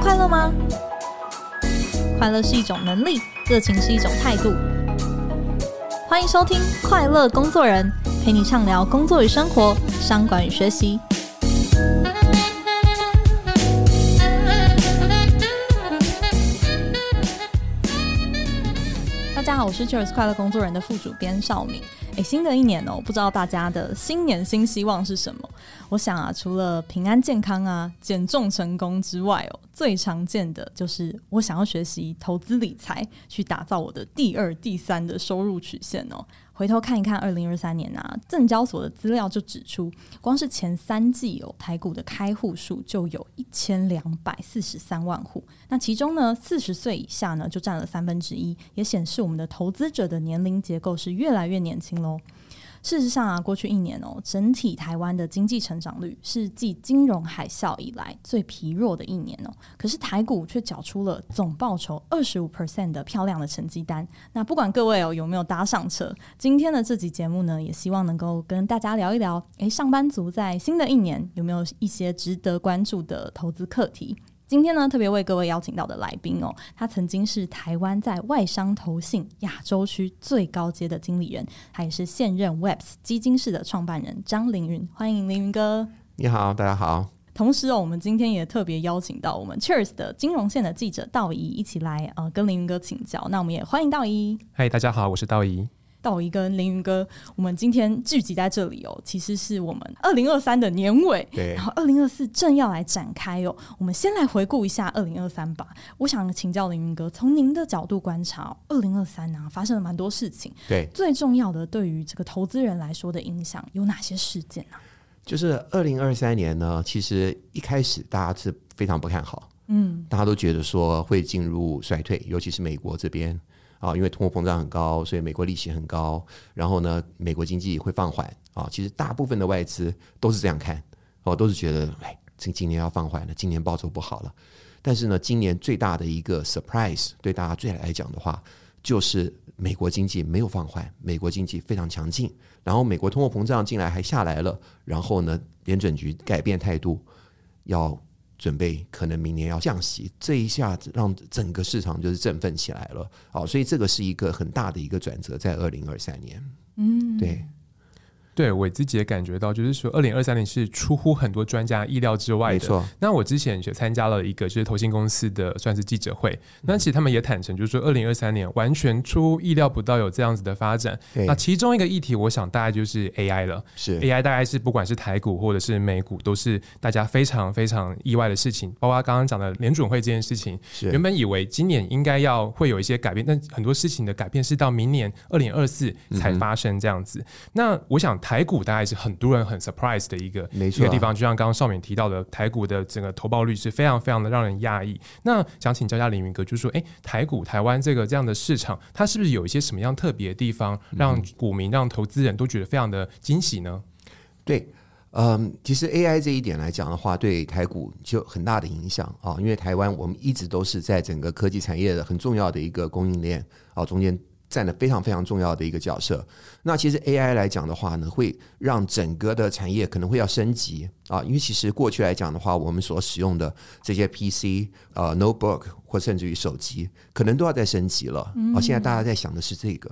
快樂嗎？快樂是一種能力，熱情是一種態度。歡迎收聽《快樂工作人》，陪你暢聊工作與生活、商管與學習。大家好，我是《Cheers 快樂工作人》的副主編紹敏。誒，新的一年哦，不知道大家的新年新希望是什麼？我想啊，除了平安健康啊、減重成功之外哦，最常見的就是我想要學習投資理財，去打造我的第二、第三的收入曲線哦。回頭看一看二零二三年啊，證交所的資料就指出，光是前三季哦，台股的開戶數就有一千兩百四十三萬戶。那其中呢，四十歲以下呢，就占了三分之一，也顯示我們的投資者的年齡結構是越來越年輕嘍。事實上啊，過去一年哦，整體台灣的經濟成長率是繼金融海嘯以來最疲弱的一年哦。可是台股卻繳出了總報酬二十五 percent 的漂亮的成績單。那不管各位哦，有沒有搭上車，今天的這集節目呢，也希望能夠跟大家聊一聊，誒，上班族在新的一年有沒有一些值得關注的投資課題？今天呢，特別為各位邀請到的來賓哦，他曾經是台灣在外商投信亞洲區最高階的經理人，他也是現任 Webzz 基金事的創辦人張凌云，歡迎凌云哥。你好，大家好。同時哦，我們今天也特別邀請到我們 Cheers 的金融線的記者道宜一起來、呃、跟凌云哥請教。那我們也歡迎道宜。嗨，hey, 大家好，我是道宜。道宜跟凌雲哥，我們今天聚集在這裡哦，其實是我們二零二三的年尾，對然後二零二四正要來展開哦。我們先來回顧一下二零二三吧。我想請教凌雲哥，從您的角度觀察，二零二三呢發生了蠻多事情，對最重要的對於這個投資人來說的影響有哪些事件呢、啊？就是二零二三年呢，其實一開始大家是非常不看好，嗯，大家都覺得說會進入衰退，尤其是美國這邊。啊，因為通貨膨脹很高，所以美國利息很高。然後呢，美國經濟會放緩啊。其實大部分的外資都是這樣看，哦，都是覺得哎，這今年要放緩了，今年報酬不好了。但是呢，今年最大的一個 surprise 對大家最愛來講的話，就是美國經濟沒有放緩，美國經濟非常強勁。然後美國通貨膨脹竟然還下來了。然後呢，聯準局改變態度，要。準備可能明年要降息，這一下子讓整個市場就是振奮起來了，好、哦，所以這個是一個很大的一個轉折，在二零二三年，嗯，對。對，我自己也感覺到就是說，二零二三年是出乎很多專家意料之外的。沒錯。那我之前也參加了一個就是投信公司的算是記者會，嗯、那其實他們也坦誠，就是說二零二三年完全出乎意料不到有這樣子的發展。嘿那其中一個議題，我想大概就是 AI 了。是 AI 大概是不管是台股或者是美股，都是大家非常非常意外的事情。包括剛剛講的聯準會這件事情，是原本以為今年應該要會有一些改變，但很多事情的改變是到明年二零二四才發生這樣子。嗯、哼那我想。台股大概是很多人很 surprise 的一個沒錯的、啊、地方，就像剛剛紹敏提到的，台股的整個投報率是非常非常的讓人訝異。那想請教一下凌雲哥，就是說，哎，台股台灣這個這樣的市場，它是不是有一些什麼樣特別的地方，讓股民、讓投資人都覺得非常的驚喜呢？嗯、對，嗯、呃，其實 AI 這一點來講的話，對台股就很大的影響啊、哦，因為台灣我們一直都是在整個科技產業的很重要的一個供應鏈啊、哦、中間。占了非常非常重要的一個角色。那其實 AI 來講的話呢，會讓整個的產業可能會要升級啊，因為其實過去來講的話，我們所使用的這些 PC、呃、notebook 或甚至於手機，可能都要再升級了啊。現在大家在想的是這個、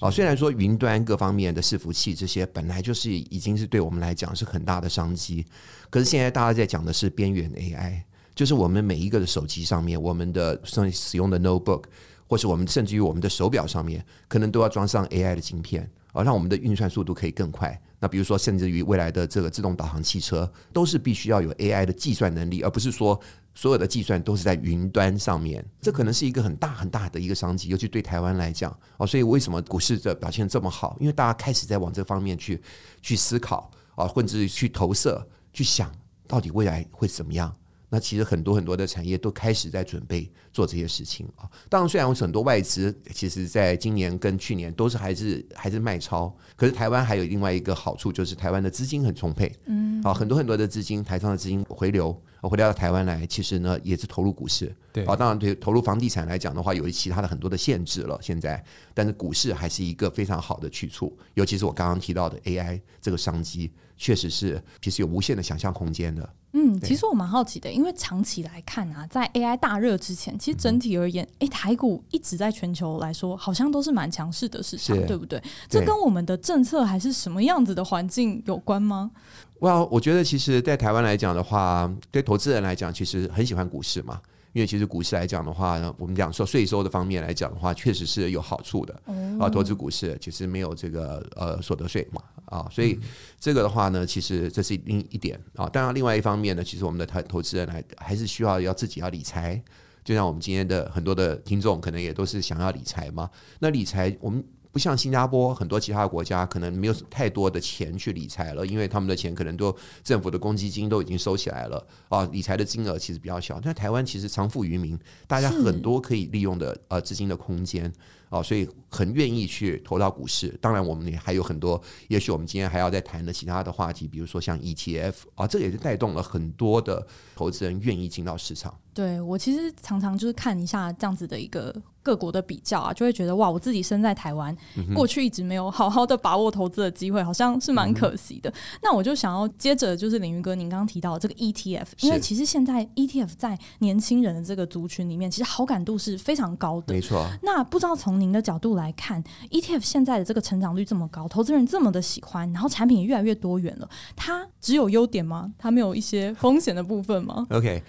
嗯、啊，雖然說雲端各方面的伺服器這些本來就是已經是對我們來講是很大的商機，可是現在大家在講的是邊緣 AI，就是我們每一個的手機上面，我們的所使用的 notebook。或是我們甚至於我們的手錶上面，可能都要裝上 AI 的晶片，啊，讓我們的運算速度可以更快。那比如說，甚至於未來的這個自動導航汽車，都是必須要有 AI 的計算能力，而不是說所有的計算都是在雲端上面。這可能是一個很大很大的一個商機，尤其對台灣來講，哦，所以為什麼股市的表現這麼好？因為大家開始在往這方面去去思考，啊，甚至去投射，去想到底未來會怎麼樣。那其實很多很多的產業都開始在準備做這些事情啊。當然，雖然有很多外資，其實在今年跟去年都是還是還是賣超。可是台灣還有另外一個好處，就是台灣的資金很充沛，嗯，啊，很多很多的資金，台商的資金回流，回流到台灣來，其實呢也是投入股市。對，當然對投入房地產來講的話，有其他的很多的限制了。現在，但是股市還是一個非常好的去處，尤其是我剛剛提到的 AI 這個商機。確實是，其實有無限的想象空間的。嗯，其實我蠻好奇的，因為長期來看啊，在 AI 大熱之前，其實整體而言，哎、嗯欸，台股一直在全球來說，好像都是蠻強勢的市場，是對不對？這跟我們的政策還是什麼樣子的環境有關嗎？我、well, 我覺得，其實在台灣來講的話，對投資人來講，其實很喜歡股市嘛。因為其實股市來講的話呢，我們講說稅收的方面來講的話確實是有好處的嗯，啊。投資股市其實沒有這個呃所得稅嘛啊，所以這個的話呢，其實這是另一點點啊。當然，另外一方面呢，其實我們的投投資人還還是需要要自己要理財，就像我們今天的很多的聽眾可能也都是想要理財嘛。那理財我們。不像新加坡，很多其他國家可能沒有太多的錢去理財了，因為他們的錢可能都政府的公積金都已經收起來了啊，理財的金額其實比較小。但台灣其實藏富於民，大家很多可以利用的呃資金的空間是啊，所以很願意去投到股市。當然，我們也還有很多，也許我們今天還要再談的其他的話題，比如說像 ETF 啊，這也是帶動了很多的投資人願意進到市場。對，我其實常常就是看一下這樣子的一個各國的比較啊，就會覺得哇，我自己身在台灣，嗯、哼過去一直沒有好好的把握投資的機會，好像是蠻可惜的。嗯、哼那我就想要接着就是凌雲哥，您剛剛提到的這個 ETF，是因為其實現在 ETF 在年輕人的這個族群裡面，其實好感度是非常高的，沒錯、啊。那不知道從您的角度來看，ETF 現在的這個成長率這麼高，投資人這麼的喜歡，然後產品越來越多元了，它只有優點嗎？它沒有一些風險的部分嗎 ？OK。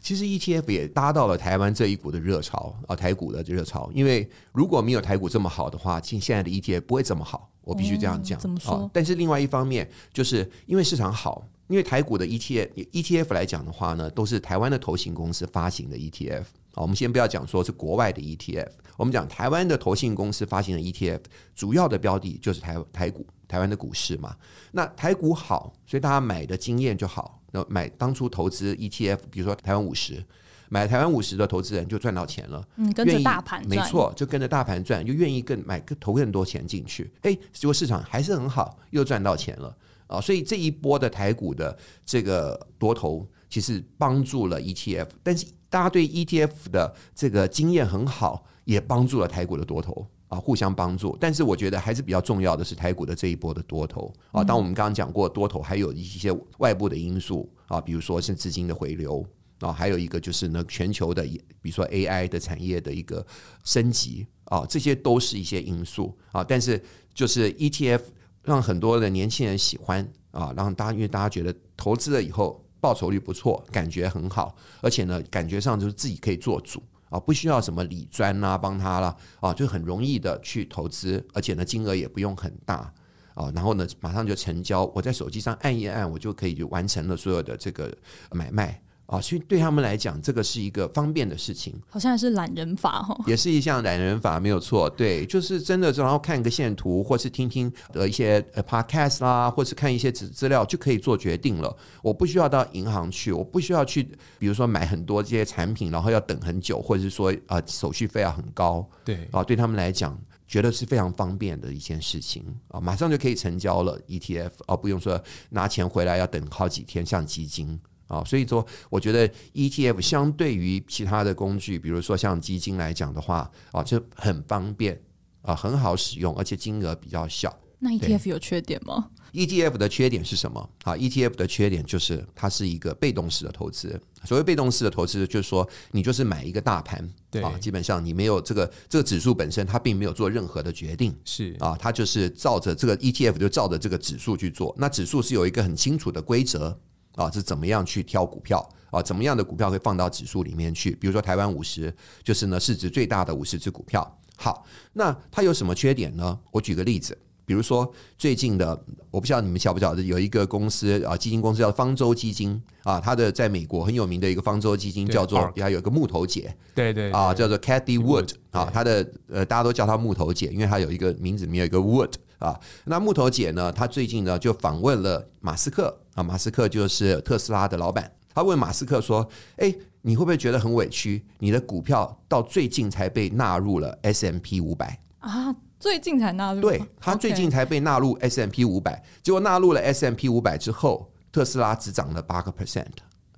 其實 ETF 也搭到了台灣這一股的熱潮啊，台股的熱潮。因為如果沒有台股這麼好的話，現現在的 ETF 不會這麼好。我必須這樣講，嗯怎麼說？哦、但是另外一方面，就是因為市場好，因為台股的 ETF，ETF 來講的話呢，都是台灣的投信公司發行的 ETF，哦。我們先不要講說是國外的 ETF，我們講台灣的投信公司發行的 ETF，主要的標的就是台台股。台灣的股市嘛，那台股好，所以大家買的經驗就好。那買當初投資 ETF，比如說台灣五十，買台灣五十的投資人就賺到錢了。嗯，願意跟着大盤賺，沒錯，就跟着大盤賺，就願意更買，投更多錢進去。哎、欸，結果市場還是很好，又賺到錢了啊，呃！所以這一波的台股的這個多頭，其實幫助了 ETF，但是大家對 ETF 的這個經驗很好，也幫助了台股的多頭。啊，互相幫助，但是我覺得還是比較重要的是台股的這一波的多頭啊。當我們剛剛講過多頭，還有一些外部的因素啊，比如說是資金的回流啊，還有一個就是呢，全球的比如說 AI 的產業的一個升級啊，這些都是一些因素啊。但是就是 ETF 讓很多的年輕人喜歡啊，讓大家因為大家覺得投資了以後報酬率不錯，感覺很好，而且呢，感覺上就是自己可以做主。啊，不需要什麼理專啊，幫他啦。啊，就很容易的去投資，而且呢，金額也不用很大啊，然後呢，馬上就成交，我在手機上按一按，我就可以就完成了所有的這個買賣。啊，所以對他們來講，這個是一個方便的事情，好像是懶人法哦，也是一項懶人法，沒有錯，對，就是真的，然後看一個線圖，或是聽聽呃一些呃 podcast 啦，或是看一些資資料就可以做決定了。我不需要到銀行去，我不需要去，比如說買很多這些產品，然後要等很久，或者是說啊手續費要很高，對，啊，對他們來講，覺得是非常方便的一件事情啊，馬上就可以成交了 ETF，啊，不用說拿錢回來要等好幾天，像基金。啊，所以說我覺得 ETF 相對於其他的工具，比如說像基金來講的話，啊，就很方便啊，很好使用，而且金額比較小。那 ETF 對有缺點嗎？ETF 的缺點是什麼？啊，ETF 的缺點就是它是一個被動式的投資。所謂被動式的投資，就是說你就是買一個大盤，對啊，基本上你沒有這個這個指數本身，它並沒有做任何的決定，是啊，它就是照着這個 ETF 就照着這個指數去做。那指數是有一個很清楚的規則。啊，是怎麼樣去挑股票啊？怎麼樣的股票可以放到指數裡面去？比如說台灣五十，就是呢市值最大的五十只股票。好，那它有什麼缺點呢？我舉個例子，比如說最近的，我不知道你們曉不曉得，有一個公司啊，基金公司叫方舟基金啊，它的在美國很有名的一個方舟基金叫做，對它有一個木頭姐，對對，啊，對叫做 Cathy Wood, Wood 對啊，它的呃，大家都叫它木頭姐，因為它有一個名字裡面有一個 Wood。啊，那木頭姐呢，她最近呢就訪問了馬斯克啊，馬斯克就是特斯拉的老板。他問馬斯克說：“哎、欸，你會不會覺得很委屈？你的股票到最近才被納入了 S&P 五百啊？最近才納入？對他 Okay. 最近才被納入 S&P 五百，結果納入了 S&P 五百之後，特斯拉只漲了八個 percent。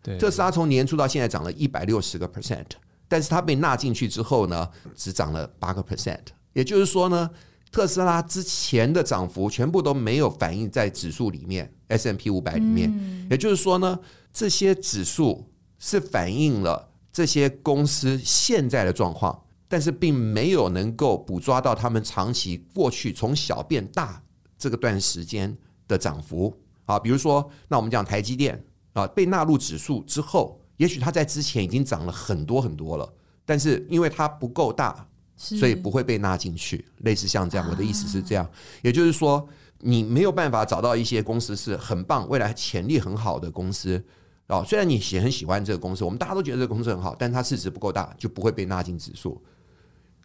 對特斯拉從年初到現在漲了一百六十個 percent，但是它被納進去之後呢，只漲了八個 percent。也就是說呢，”特斯拉之前的漲幅全部都沒有反映在指數裡面，S&P 500裡面。S 裡面，嗯、也就是說呢，這些指數是反映了這些公司現在的狀況，但是並沒有能夠捕捉到他們長期過去從小變大這個段時間的漲幅。啊，比如說，那我們講台積電啊，被納入指數之後，也許它在之前已經漲了很多很多了，但是因為它不夠大。是 所以不會被納進去，類似像這樣，我的意思是這樣，也就是說，你沒有辦法找到一些公司是很棒，未來潛力很好的公司啊。雖然你喜很喜歡這個公司，我們大家都覺得這個公司很好，但它市值不夠大，就不會被納進指數。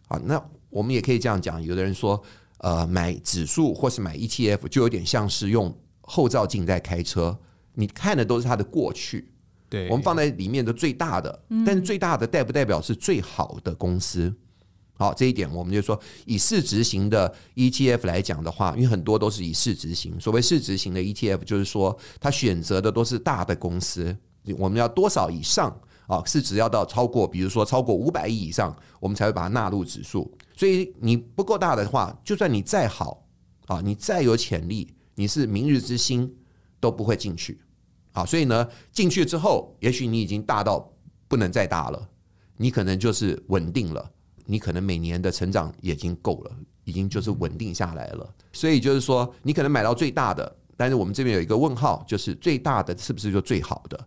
好，那我們也可以這樣講，有的人說，呃，買指數或是買 ETF，就有點像是用後照鏡在開車，你看的都是它的過去。對，我們放在裡面的最大的，但是最大的代不代表是最好的公司？好，這一點我們就說，以市值型的 ETF 來講的話，因為很多都是以市值型。所謂市值型的 ETF，就是說它選擇的都是大的公司，我們要多少以上啊？市值要到超過，比如說超過五百億以上，我們才會把它納入指數。所以你不夠大的話，就算你再好啊，你再有潛力，你是明日之星都不會進去啊。所以呢，進去之後，也許你已經大到不能再大了，你可能就是穩定了。你可能每年的成長已經夠了，已經就是穩定下來了。所以就是說，你可能買到最大的，但是我們這邊有一個問號，就是最大的是不是就最好的？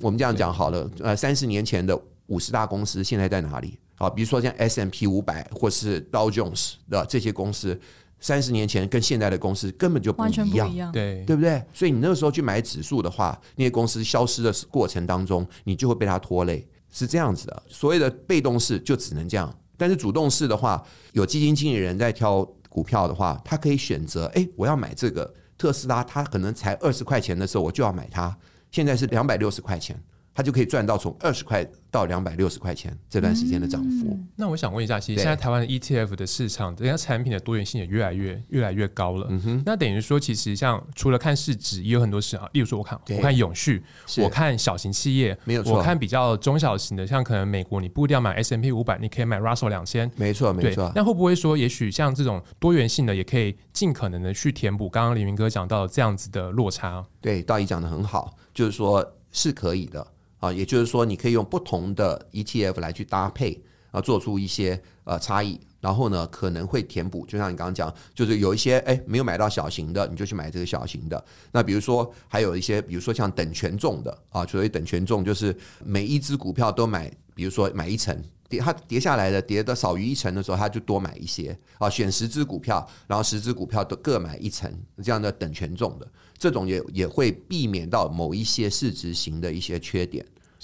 我們這樣講好了，呃，三十年前的五十大公司現在在哪裡？好，比如說像 S&P 五百或是道瓊斯的這些公司，三十年前跟現在的公司根本就不一樣，完全不一樣。對，對不對？所以你那個時候去買指數的話，那些公司消失的過程當中，你就會被它拖累，是這樣子的。所謂的被動式就只能這樣。但是主動式的話，有基金經理人在挑股票的話，他可以選擇。哎、欸，我要買這個特斯拉，他可能才二十塊錢的時候我就要買它，現在是兩百六十塊錢。他就可以賺到從二十塊到兩百六十塊錢這段時間的漲幅。嗯、那我想問一下，其實現在台灣的 ETF 的市場，對人家產品的多元性也越來越越來越高了。嗯哼，那等於說，其實像除了看市值，也有很多事啊，例如說，我看對我看永續，是我看小型企業，我看比較中小型的，像可能美國，你不一定要買 S&P 五百，你可以買 Russell 兩千。沒錯，沒錯。那會不會說，也許像這種多元性的，也可以盡可能的去填補剛剛凌雲哥講到這樣子的落差？對，道宜講得很好，就是說是可以的。啊，也就是說，你可以用不同的 ETF 來去搭配，啊，做出一些呃差異，然後呢，可能會填補。就像你剛剛講，就是有一些哎沒有買到小型的，你就去買這個小型的。那比如說還有一些，比如說像等權重的啊，所謂等權重就是每一隻股票都買，比如說買一層，跌它跌下來的跌的少於一層的時候，它就多買一些啊，選十隻股票，然後十隻股票都各買一層這樣的等權重的，這種也也會避免到某一些市值型的一些缺點。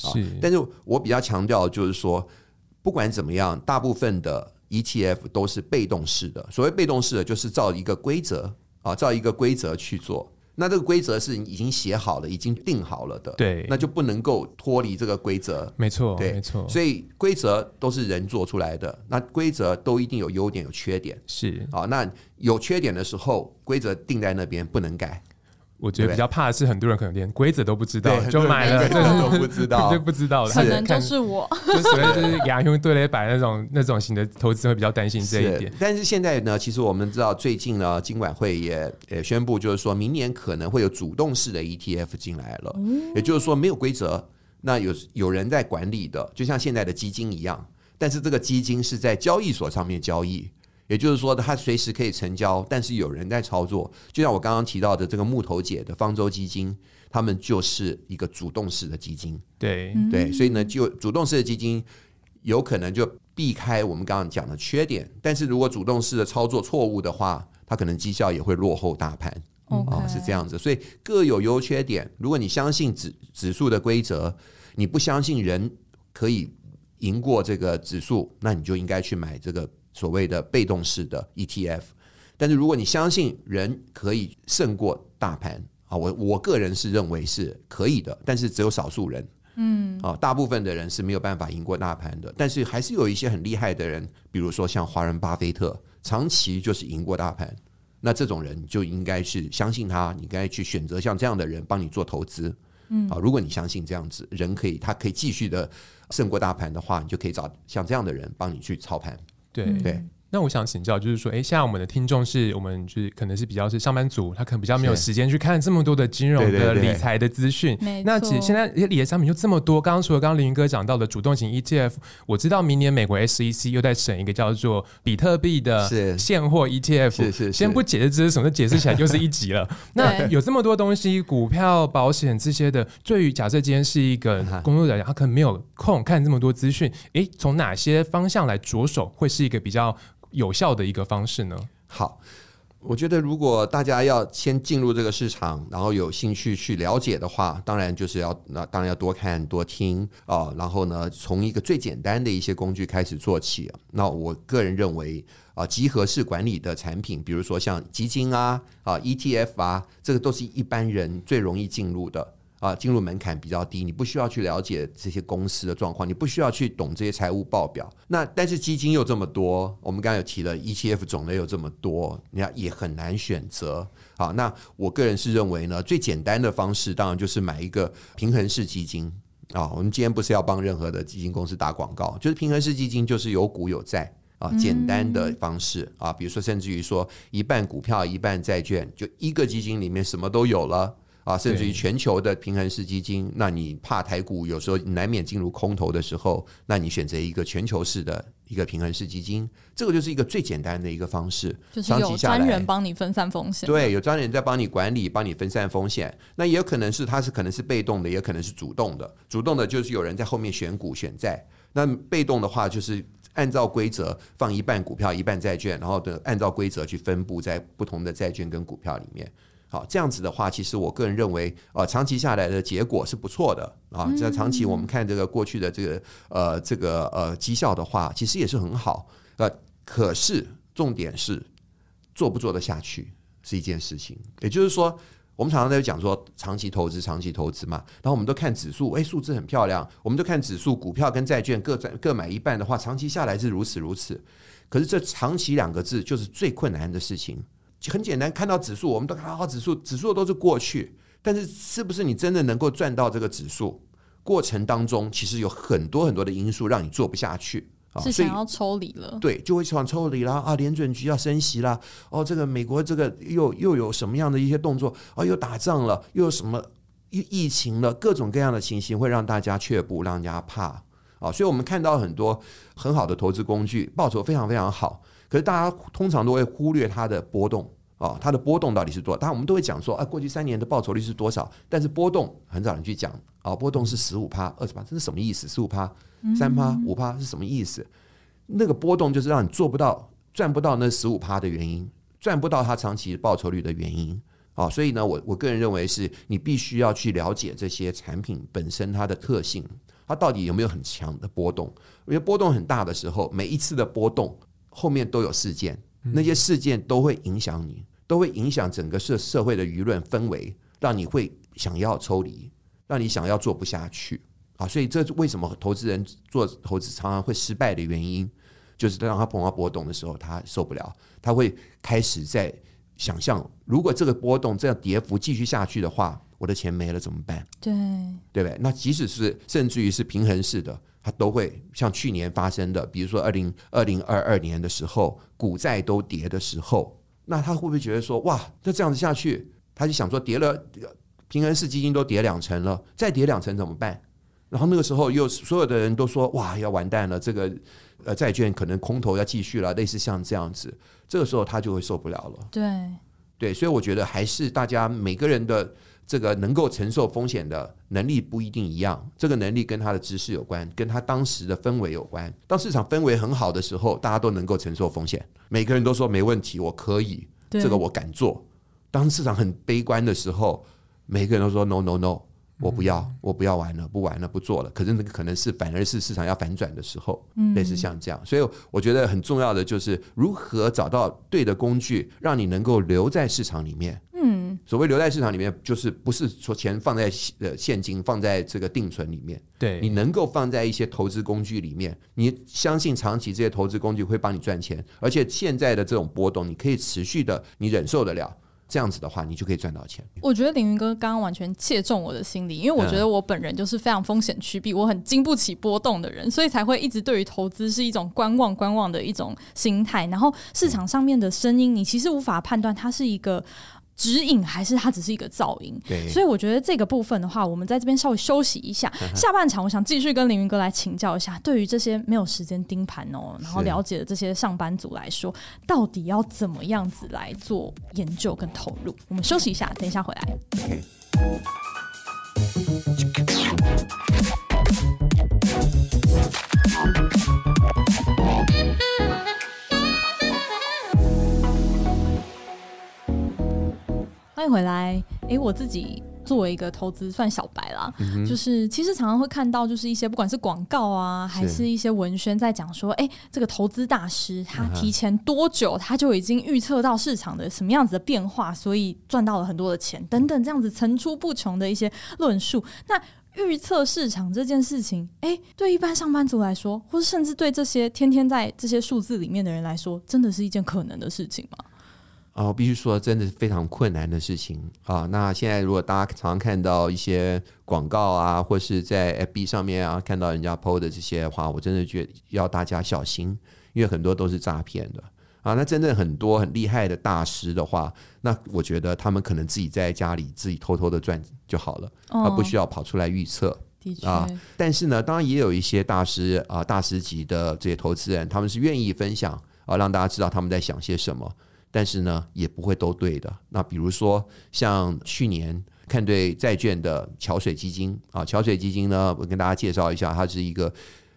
是，但是我比較強調就是說，不管怎麼樣，大部分的 ETF 都是被動式的。所謂被動式的，就是照一個規則啊，照一個規則去做。那這個規則是已經寫好了、已經定好了的。對，那就不能夠脫離這個規則。沒錯，對，沒錯。所以規則都是人做出來的，那規則都一定有優點有缺點。是啊，那有缺點的時候，規則定在那邊不能改。我覺得比較怕的是，很多人可能連規則都不知道對不對，就買了，這都不知道， 就不知道，可能就是我，就，就是牙兄對了一百那種那種型的投資會比較擔心這一點吧。但是現在呢，其實我們知道，最近呢，金管會也也宣布，就是說明年可能會有主動式的 ETF 進來了，哦、也就是說沒有規則，那有有人在管理的，就像現在的基金一樣，但是這個基金是在交易所上面的交易。也就是說，它隨時可以成交，但是有人在操作，就像我剛剛提到的這個木頭姐的方舟基金，他們就是一個主動式的基金。對對，所以呢，就主動式的基金有可能就避開我們剛剛講的缺點，但是如果主動式的操作錯誤的話，它可能績效也會落後大盤。Okay. 哦，是這樣子，所以各有優缺點。如果你相信指指數的規則，你不相信人可以贏過這個指數，那你就應該去買這個。所謂的被動式的 ETF，但是如果你相信人可以勝過大盤啊，我我個人是認為是可以的，但是只有少數人，嗯啊，大部分的人是沒有辦法贏過大盤的。但是還是有一些很厲害的人，比如說像華人巴菲特，長期就是贏過大盤。那這種人就應該是相信他，你該去選擇像這樣的人幫你做投資，嗯啊，如果你相信這樣子人可以，他可以繼續的勝過大盤的話，你就可以找像這樣的人幫你去操盤。對對。那我想請教，就是說，哎、欸，現在我們的聽眾是我們，就是可能是比較是上班族，他可能比較沒有時間去看這麼多的金融的理財的資訊。對對對，那其實現在理財產品就這麼多，剛剛除了剛凌雲哥講到的主動型 ETF，我知道明年美國 SEC 又在審一個叫做比特幣的現貨 ETF。是是。是先不解釋這是什麼，解釋起來就是一集了。那有這麼多東西，股票、保險這些的，對於假設今天是一個工作人，他可能沒有空看這麼多資訊，哎、欸，從哪些方向來着手會是一個比較？有效的一個方式呢？好，我覺得如果大家要先進入這個市場，然後有興趣去了解的話，當然就是要，那當然要多看多聽啊、哦，然後呢，從一個最簡單的一些工具開始做起。那我個人認為啊，集合式管理的產品，比如說像基金啊、啊 ETF 啊，這個都是一般人最容易進入的。啊，進入門檻比較低，你不需要去了解這些公司的狀況，你不需要去懂這些財務報表。那但是基金又這麼多，我們剛才有提了 ETF 種類又這麼多，你看也很難選擇。好，那我個人是認為呢，最簡單的方式當然就是買一個平衡式基金啊。我們今天不是要幫任何的基金公司打廣告，就是平衡式基金就是有股有債啊，簡單的方式啊，嗯、比如說甚至於說一半股票一半債券，就一個基金裡面什麼都有了。啊，甚至於全球的平衡式基金，對那你怕台股有時候難免進入空頭的時候，那你選擇一個全球式的一個平衡式基金，這個就是一個最簡單的一個方式，就是有專人幫你分散風險。對，有專人在幫你管理，幫你分散風險。嗯、那也有可能是它是可能是被動的，也可能是主動的。主動的就是有人在後面選股選債，那被動的話就是按照規則放一半股票一半債券，然後等按照規則去分佈在不同的債券跟股票裡面。好，這樣子的話，其實我個人認為，呃，長期下來的結果是不錯的啊。這長期我們看這個過去的這個呃這個呃呃績效的話，其實也是很好。呃，可是重點是做不做得下去是一件事情。也就是說，我們常常在講說長期投資、長期投資嘛。然後我們都看指數，誒，數字很漂亮，我們都看指數，股票跟債券各占各買一半的話，長期下來是如此如此。可是這“長期”兩個字就是最困難的事情。很簡單，看到指數，我們都看到指數，指數都是過去。但是，是不是你真的能夠賺到這個指數？過程當中，其實有很多很多的因素讓你做不下去。是想要抽離了，對，就會想抽離啦啊，聯準局要升息啦，哦，這個美國這個又又有什麼樣的一些動作哦，又打仗了，又有什麼疫疫情了？各種各樣的情形會讓大家卻步，讓人家怕啊。所以我們看到很多很好的投資工具，報酬非常非常好。可是大家通常都會忽略它的波動啊、哦，它的波動到底是多少？當然我們都會講說，啊，過去三年的報酬率是多少？但是波動很少人去講啊、哦，波動是十五趴、二十趴，這是什麼意思？十五趴、三趴、五趴是什麼意思？嗯嗯，那個波動就是讓你做不到賺不到那十五趴的原因，賺不到它長期報酬率的原因啊、哦。所以呢，我我個人認為是你必須要去了解這些產品本身它的特性，它到底有沒有很強的波動？因為波動很大的時候，每一次的波動。後面都有事件，那些事件都會影響你，嗯、都會影響整個社社會的輿論氛圍，讓你會想要抽離，讓你想要做不下去啊！所以這是為什麼投資人做投資常常會失敗的原因，就是讓他碰到波動的時候，他受不了，他會開始在想象，如果這個波動這樣跌幅繼續下去的話，我的錢沒了怎麼辦？對，對不對？那即使是甚至於是平衡式的。都會像去年發生的，比如說二零二零二二年的時候，股債都跌的時候，那他會不會覺得說，哇，那這樣子下去，他就想說，跌了，平衡式基金都跌兩成了，再跌兩成怎麼辦？然後那個時候，又所有的人都說，哇，要完蛋了，這個呃債券可能空頭要繼續了，類似像這樣子，這個時候他就會受不了了。對，對，所以我覺得還是大家每個人的。這個能夠承受風險的能力不一定一樣，這個能力跟他的知識有關，跟他當時的氛圍有關。當市場氛圍很好的時候，大家都能夠承受風險，每個人都說沒問題，我可以，對這個我敢做。當市場很悲觀的時候，每個人都說 No No No，我不要，嗯、我不要玩了，不玩了，不做了。可是那個可能是反而是市場要反轉的時候，嗯、類似像這樣。所以我覺得很重要的就是如何找到對的工具，讓你能夠留在市場裡面。所謂留在市場裡面，就是不是說錢放在呃現金放在這個定存裡面，對你能夠放在一些投資工具裡面，你相信長期這些投資工具會幫你賺錢，而且現在的這種波動，你可以持續的你忍受得了，這樣子的話，你就可以賺到錢。我覺得凌雲哥剛剛完全切中我的心理，因為我覺得我本人就是非常風險趨避，嗯、我很經不起波動的人，所以才會一直對於投資是一種觀望觀望的一種心態。然後市場上面的聲音，嗯、你其實無法判斷它是一個。指引還是它只是一個噪音？對所以我覺得這個部分的話，我們在這邊稍微休息一下。嗯、哼下半場，我想繼續跟凌云哥來請教一下，對於這些沒有時間盯盤哦，是然後了解的這些上班族來說，到底要怎麼樣子來做研究跟投入？我們休息一下，等一下回來。Okay. 歡迎回來，誒、欸，我自己作為一個投資算小白啦，嗯、哼就是其實常常會看到，就是一些不管是廣告啊，還是一些文宣，在講說，誒是、欸，這個投資大師他提前多久、嗯、哼他就已經預測到市場的什麼樣子的變化，所以賺到了很多的錢，等等這樣子層出不窮的一些論述。那預測市場這件事情，誒、欸，對一般上班族來說，或者甚至對這些天天在這些數字裡面的人來說，真的是一件可能的事情嗎？然後、啊、必須說，真的是非常困難的事情啊！那現在如果大家常常看到一些廣告啊，或是在 FB 上面啊看到人家 PO 的這些的話，我真的覺得要大家小心，因為很多都是詐騙的啊！那真正很多很厲害的大師的話，那我覺得他們可能自己在家裡自己偷偷的賺就好了，他、哦、不需要跑出來預測確啊。但是呢，當然也有一些大師啊，大師級的這些投資人，他們是願意分享啊，讓大家知道他們在想些什麼。但是呢，也不會都對的。那比如說，像去年看對債券的橋水基金啊，橋水基金呢，我跟大家介紹一下，它是一個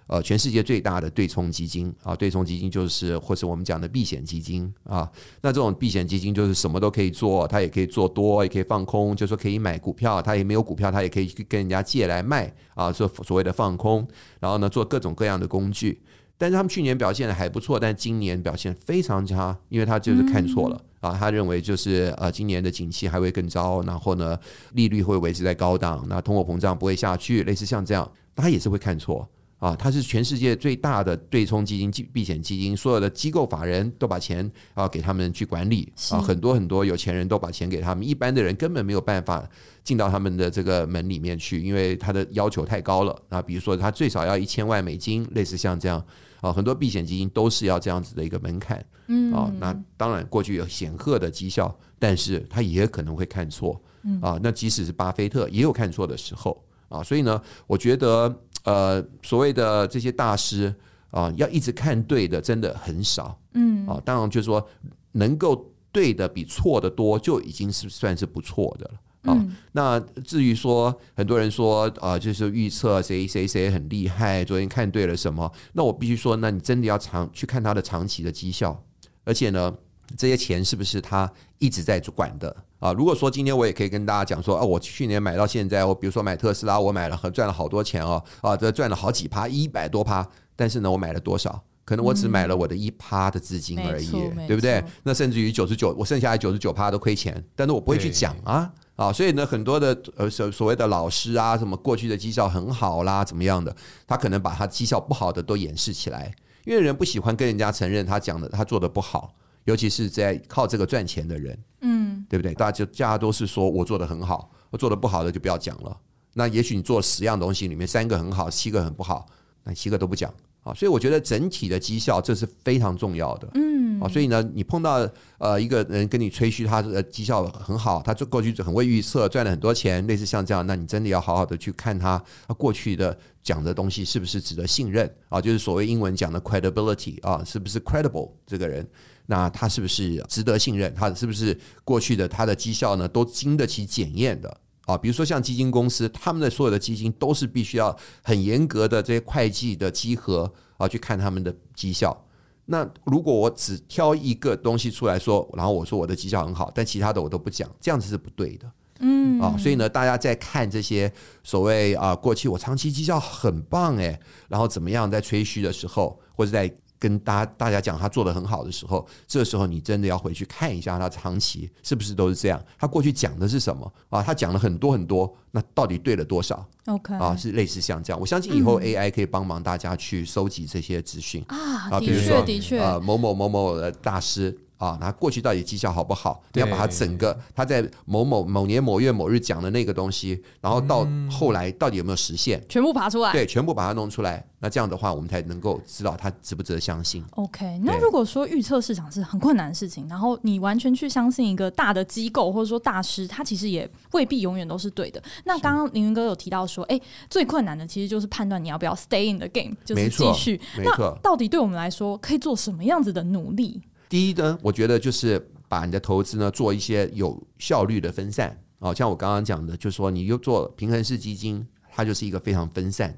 呃全世界最大的對沖基金啊。對沖基金就是，或是我們講的避險基金啊。那這種避險基金就是什麼都可以做，它也可以做多，也可以放空，就是說可以買股票，它也沒有股票，它也可以跟人家借來賣啊，做所謂的放空，然後呢，做各種各樣的工具。但是他們去年表現的還不錯，但今年表現非常差，因為他就是看錯了、嗯、啊。他認為就是呃，今年的景氣還會更糟，然後呢，利率會維持在高檔，那通貨膨脹不會下去，類似像這樣，他也是會看錯啊。他是全世界最大的對沖基金、避險基金，所有的機構法人都把錢啊給他們去管理是啊，很多很多有錢人都把錢給他們，一般的人根本沒有辦法進到他們的這個門裡面去，因為他的要求太高了啊。比如說，他最少要一千萬美金，類似像這樣。啊，很多避險基金都是要這樣子的一個門檻，啊、嗯，啊，那當然過去有顯赫的績效，但是他也可能會看錯，啊，那即使是巴菲特也有看錯的時候，啊，所以呢，我覺得呃，所謂的這些大師啊，要一直看對的真的很少，嗯，啊，當然就是說能夠對的比錯的多就已經是算是不錯的了。啊、哦，那至於說很多人說啊、呃，就是預測誰誰誰很厲害，昨天看對了什麼？那我必須說，那你真的要長去看他的長期的績效，而且呢，這些錢是不是他一直在管的？啊，如果說今天我也可以跟大家講說，哦、啊，我去年買到現在，我比如說買特斯拉，我買了很賺了好多錢哦，啊，這賺了好幾趴，一百多趴，但是呢，我買了多少？可能我只買了我的一趴的資金而已，嗯、對不對？錯那甚至於九十九，我剩下來九十九趴都虧錢，但是我不會去講對啊。啊、哦，所以呢，很多的呃、所所謂的老師啊，什麼過去的績效很好啦，怎麼樣的，他可能把他績效不好的都掩飾起來，因為人不喜歡跟人家承認他講的他做的不好，尤其是在靠這個賺錢的人，嗯，對不對？大家就大家都是說我做的很好，我做的不好的就不要講了。那也許你做十樣東西裡面三個很好，七個很不好，那七個都不講啊、哦。所以我覺得整體的績效這是非常重要的，嗯。啊，所以呢，你碰到呃一個人跟你吹噓他的績效很好，他就過去很會預測，賺了很多錢，類似像這樣，那你真的要好好的去看他過去的講的東西是不是值得信任啊？就是所謂英文講的 credibility 啊，是不是 credible 這個人？那他是不是值得信任？他是不是過去的他的績效呢，都經得起檢驗的啊？比如說像基金公司，他們的所有的基金都是必須要很嚴格的這些會計的稽核啊，去看他們的績效。那如果我只挑一個東西出來說，然後我說我的績效很好，但其他的我都不講，這樣子是不對的。嗯啊、哦，所以呢，大家在看這些所謂啊，過去我長期績效很棒哎、欸，然後怎麼樣在吹噓的時候，或者在。跟大大家講他做得很好的時候，這時候你真的要回去看一下他長期是不是都是這樣。他過去講的是什麼啊？他講了很多很多，那到底對了多少？OK 啊，是類似像這樣。我相信以後 AI 可以幫忙大家去收集這些資訊、嗯、啊，的確的確，比如說，某某某某的大師。啊，他、哦、過去到底績效好不好？對你要把它整個他在某某某年某月某日講的那個東西，然後到後來到底有沒有實現，全部扒出來，對，全部把它弄出來。那這樣的話，我們才能夠知道他值不值得相信。OK，那如果說預測市場是很困難的事情，對然後你完全去相信一個大的機構或者說大師，他其實也未必永遠都是對的。那剛剛凌雲哥有提到說，誒，最困難的其實就是判斷你要不要 stay in the game，就是繼續。那到底對我們來說，可以做什麼樣子的努力？第一呢，我覺得就是把你的投資呢做一些有效率的分散哦，像我剛剛講的，就是說你又做平衡式基金，它就是一個非常分散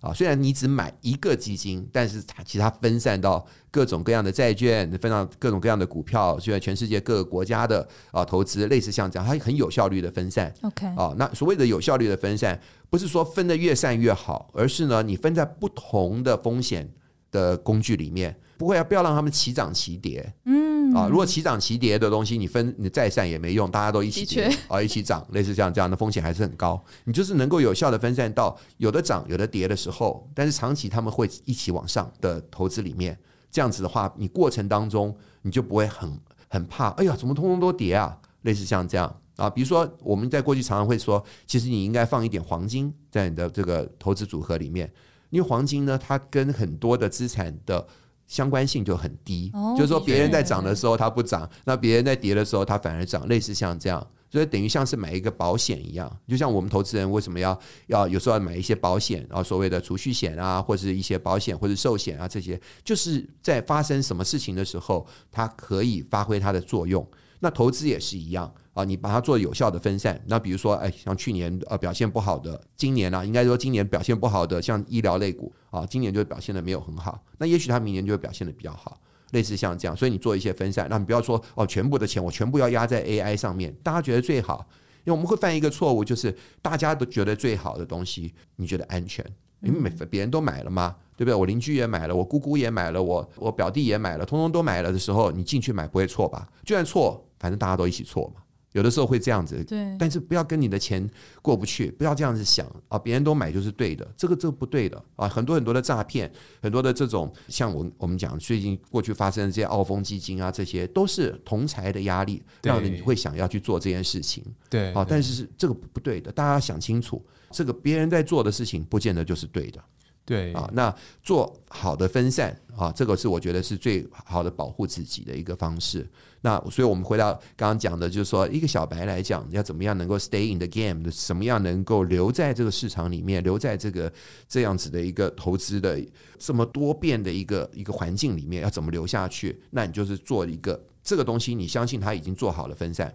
啊、哦。雖然你只買一個基金，但是它其實它分散到各種各樣的債券、分散到各種各樣的股票，雖然全世界各個國家的啊、哦、投資，類似像這樣，它很有效率的分散。Okay. 哦，那所謂的有效率的分散，不是說分得越散越好，而是呢，你分在不同的風險的工具裡面。不會啊！不要讓他們齊漲齊跌。嗯啊，如果齊漲齊跌的東西你，你分你再散也沒用，大家都一起跌啊的確、哦，一起漲， 類似像這樣的風險還是很高。你就是能夠有效的分散到有的漲有的跌的時候，但是長期他們會一起往上的投資裡面，這樣子的話，你過程當中你就不會很很怕。哎呀，怎麼通通都跌啊？類似像這樣啊，比如說我們在過去常常會說，其實你應該放一點黃金在你的這個投資組合裡面，因為黃金呢，它跟很多的資產的相關性就很低，就是說別人在漲的時候它不漲，那別人在跌的時候它反而漲，類似像這樣，所以等於像是買一個保險一樣，就像我們投資人為什麼要要有時候要買一些保險，然後所謂的儲蓄險啊，或是一些保險或者壽險啊這些，就是在發生什麼事情的時候，它可以發揮它的作用，那投資也是一樣。啊，你把它做有效的分散。那比如說，哎，像去年啊表現不好的，今年呢、啊，應該說今年表現不好的，像醫療類股啊，今年就表現得沒有很好。那也許它明年就會表現得比較好，類似像這樣。所以你做一些分散，那你不要說哦，全部的錢我全部要壓在 AI 上面，大家覺得最好。因為我們會犯一個錯誤，就是大家都覺得最好的東西，你覺得安全？因為每別人都買了嘛，對不對？我鄰居也買了，我姑姑也買了，我我表弟也買了，通通都買了的時候，你進去買不會錯吧？就算錯，反正大家都一起錯嘛。有的時候會這樣子，對，但是不要跟你的錢過不去，不要這樣子想啊，別人都買就是對的，這個這個、不對的啊，很多很多的詐騙，很多的這種，像我我們講最近過去發生的這些澳豐基金啊，這些都是同儕的壓力，對讓你會想要去做這件事情，對，啊，但是這個不對的，大家想清楚，這個別人在做的事情，不見得就是對的，對，啊，那做好的分散啊，這個是我覺得是最好的保護自己的一個方式。那所以，我們回到剛剛講的，就是說，一個小白來講，要怎麼樣能夠 stay in the game，怎麼樣能夠留在這個市場裡面，留在這個這樣子的一個投資的這麼多變的一個一個環境裡面，要怎麼留下去？那你就是做一個這個東西，你相信他已經做好了分散。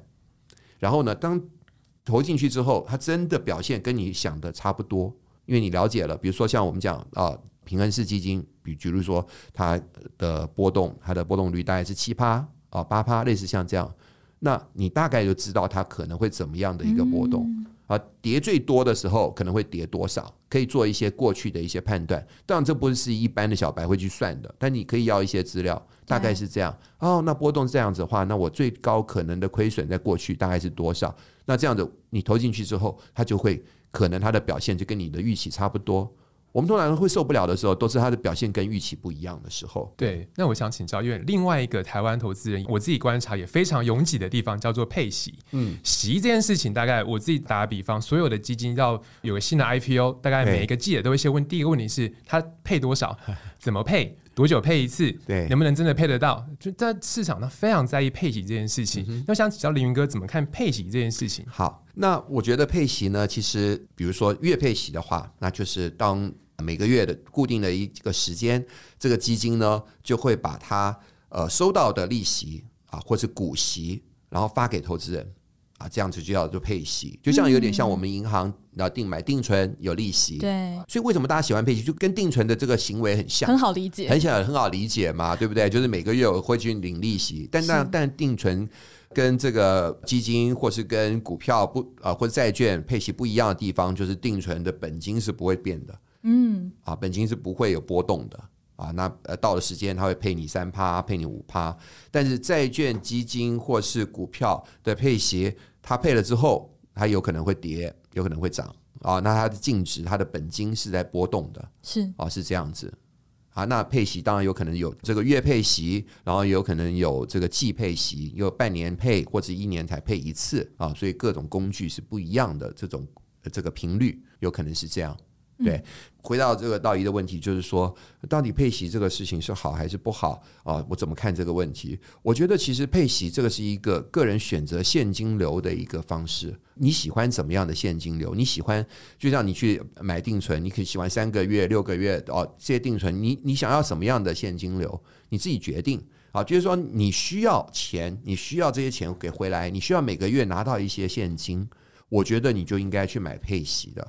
然後呢，當投進去之後，它真的表現跟你想的差不多，因為你了解了，比如說像我們講啊，平安式基金，比比如說它的波動，它的波動率大概是七趴。啊，八趴，哦、類似像這樣，那你大概就知道它可能會怎麼樣的一個波動，嗯、啊，跌最多的時候可能會跌多少，可以做一些過去的一些判斷。當然，這不是一般的小白會去算的，但你可以要一些資料，大概是這樣。對哦，那波動這樣子的話，那我最高可能的虧損在過去大概是多少？那這樣子你投進去之後，它就會可能它的表現就跟你的預期差不多。我們通常會受不了的時候，都是他的表現跟預期不一樣的時候。對，那我想請教，因為另外一個台灣投資人，我自己觀察也非常擁擠的地方叫做配息。嗯，息這件事情，大概我自己打比方，所有的基金要有個新的 IPO，大概每一個記者都會先問嘿第一個問題是：他配多少？怎麼配？多久配一次？對， 能不能真的配得到？就在市場上非常在意配息這件事情。嗯、哼那我想請教凌雲哥怎麼看配息這件事情。好，那我覺得配息呢，其實比如說月配息的話，那就是當每個月的固定的一個時間，這個基金呢就會把它呃收到的利息啊或是股息，然後發給投資人啊，這樣子就叫做配息，就像有點像我們銀行要、嗯、定買定存有利息，對，所以為什麼大家喜歡配息，就跟定存的這個行為很像，很好理解，很想很好理解嘛，對不對？就是每個月我會去領利息，但但是但定存跟這個基金或是跟股票不啊、呃、或是債券配息不一樣的地方，就是定存的本金是不會變的。嗯，啊，本金是不會有波動的，啊，那呃到了時間，它會配你三趴，配你五趴，但是債券基金或是股票的配息，它配了之後，它有可能會跌，有可能會漲，啊，那它的淨值，它的本金是在波動的，是啊，是這樣子，啊，那配息當然有可能有這個月配息，然後有可能有這個季配息，有半年配或者一年才配一次，啊，所以各種工具是不一樣的，這種、呃、這個頻率有可能是這樣。對，回到這個道宜的問題，就是說，到底配息這個事情是好還是不好啊、呃？我怎麼看這個問題？我覺得其實配息這個是一個個人選擇現金流的一個方式。你喜歡怎麼樣的現金流？你喜歡就像你去買定存，你可以喜歡三個月、六個月哦。這些定存？你你想要什麼樣的現金流？你自己決定。啊，就是說你需要錢，你需要這些錢給回來，你需要每個月拿到一些現金，我覺得你就應該去買配息的。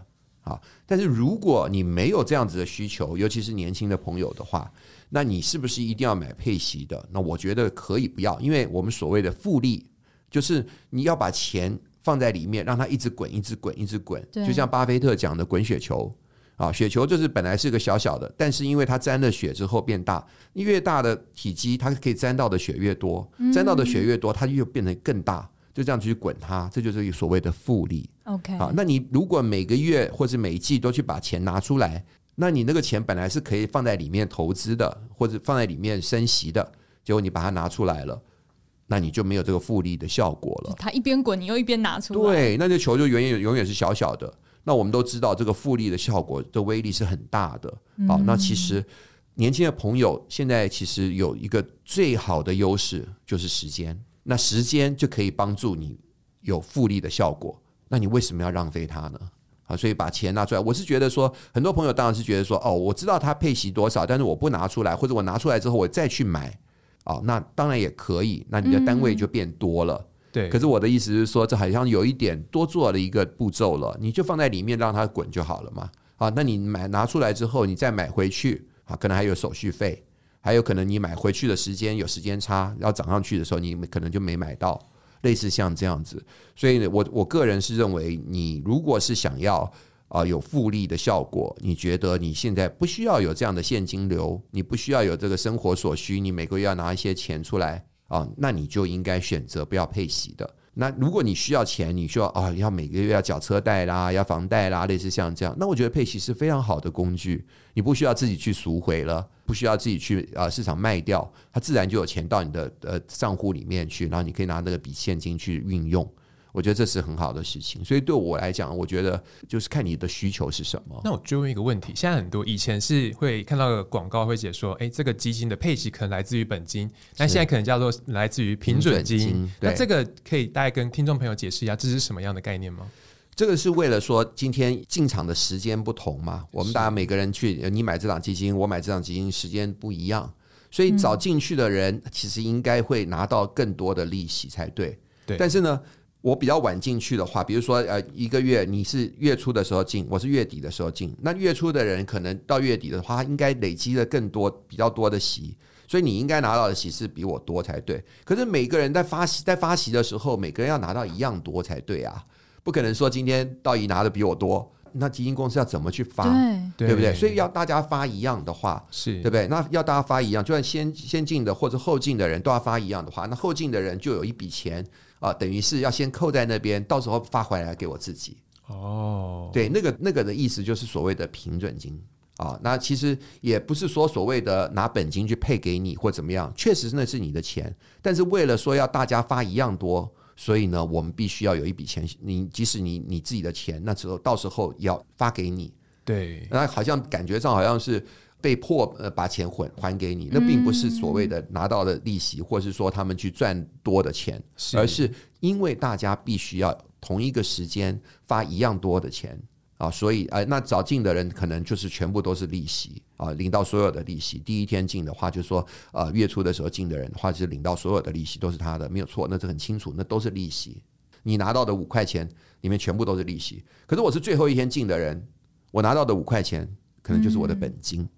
啊！但是如果你沒有這樣子的需求，尤其是年輕的朋友的話，那你是不是一定要買配息的？那我覺得可以不要，因為我們所謂的複利，就是你要把錢放在裡面，讓它一直滾，一直滾，一直滾。就像巴菲特講的滾雪球啊，對雪球就是本來是個小小的，但是因為它沾了雪之後變大，越大的體積，它可以沾到的雪越多，沾到的雪越多，它越變成更大。嗯就這樣去滾它，這就是所謂的複利。OK，好，那你如果每個月或者每一季都去把錢拿出來，那你那個錢本來是可以放在裡面投資的，或者放在裡面升息的，結果你把它拿出來了，那你就沒有這個複利的效果了。它一邊滾，你又一邊拿出來，對，那這球就永遠永遠是小小的。那我們都知道這個複利的效果的威力是很大的。好，嗯，那其實年輕的朋友現在其實有一個最好的優勢就是時間。那時間就可以幫助你有複利的效果，那你為什麼要浪費它呢？啊，所以把錢拿出來，我是覺得說，很多朋友當然是覺得說，哦，我知道它配息多少，但是我不拿出來，或者我拿出來之後我再去買，哦，那當然也可以，那你的單位就變多了，對、嗯。可是我的意思是說，這好像有一點多做了一個步驟了，你就放在裡面讓它滾就好了嘛。啊，那你買拿出來之後你再買回去，好，可能還有手續費。還有可能你買回去的時間有時間差，要漲上去的時候你可能就沒買到，類似像這樣子。所以我，我我個人是認為，你如果是想要啊、呃、有複利的效果，你覺得你現在不需要有這樣的現金流，你不需要有這個生活所需，你每個月要拿一些錢出來啊、呃，那你就應該選擇不要配息的。那如果你需要錢，你需要啊、哦、要每個月要繳車貸啦，要房貸啦，類似像這樣，那我覺得配息是非常好的工具，你不需要自己去贖回了。不需要自己去啊，市場賣掉，它自然就有錢到你的呃賬戶裡面去，然後你可以拿那個筆現金去運用。我覺得這是很好的事情，所以對我來講，我覺得就是看你的需求是什麼。那我追問一個問題：現在很多以前是會看到廣告會解說，誒、欸，這個基金的配息可能來自於本金，那現在可能叫做來自於平準基金，金，那這個可以大概跟聽眾朋友解釋一下，這是什麼樣的概念嗎？這個是為了說，今天進場的時間不同嘛。我們大家每個人去，你買這檔基金，我買這檔基金，時間不一樣，所以早進去的人其實應該會拿到更多的利息才對。但是呢，我比較晚進去的話，比如說呃，一個月你是月初的時候進，我是月底的時候進，那月初的人可能到月底的話，應該累積了更多比較多的息，所以你應該拿到的息是比我多才對。可是每個人在發息在發息的時候，每個人要拿到一樣多才對啊。不可能說今天到底拿的比我多，那基金公司要怎麼去發，對，對不對？所以要大家發一樣的話，是對不對？那要大家發一樣，就算先先進的或者後進的人都要發一樣的話，那後進的人就有一筆錢啊、呃，等於是要先扣在那邊，到時候發回來，來給我自己。哦，對，那個那個的意思就是所謂的平準金啊、呃。那其實也不是說所謂的拿本金去配給你或怎麼樣，確實那是你的錢，但是為了說要大家發一樣多。所以呢，我們必須要有一筆錢，你即使你你自己的錢，那時候到時候要發給你，對，那好像感覺上好像是被迫呃把錢還還給你，那並不是所謂的拿到的利息，或是說他們去賺多的錢，而是因為大家必須要同一個時間發一樣多的錢啊，所以呃，那早進的人可能就是全部都是利息。啊，領到所有的利息。第一天進的話，就是說，呃，月初的時候進的人的話，就是領到所有的利息都是他的，沒有錯，那這很清楚，那都是利息。你拿到的五塊錢裡面全部都是利息。可是我是最後一天進的人，我拿到的五塊錢可能就是我的本金。嗯嗯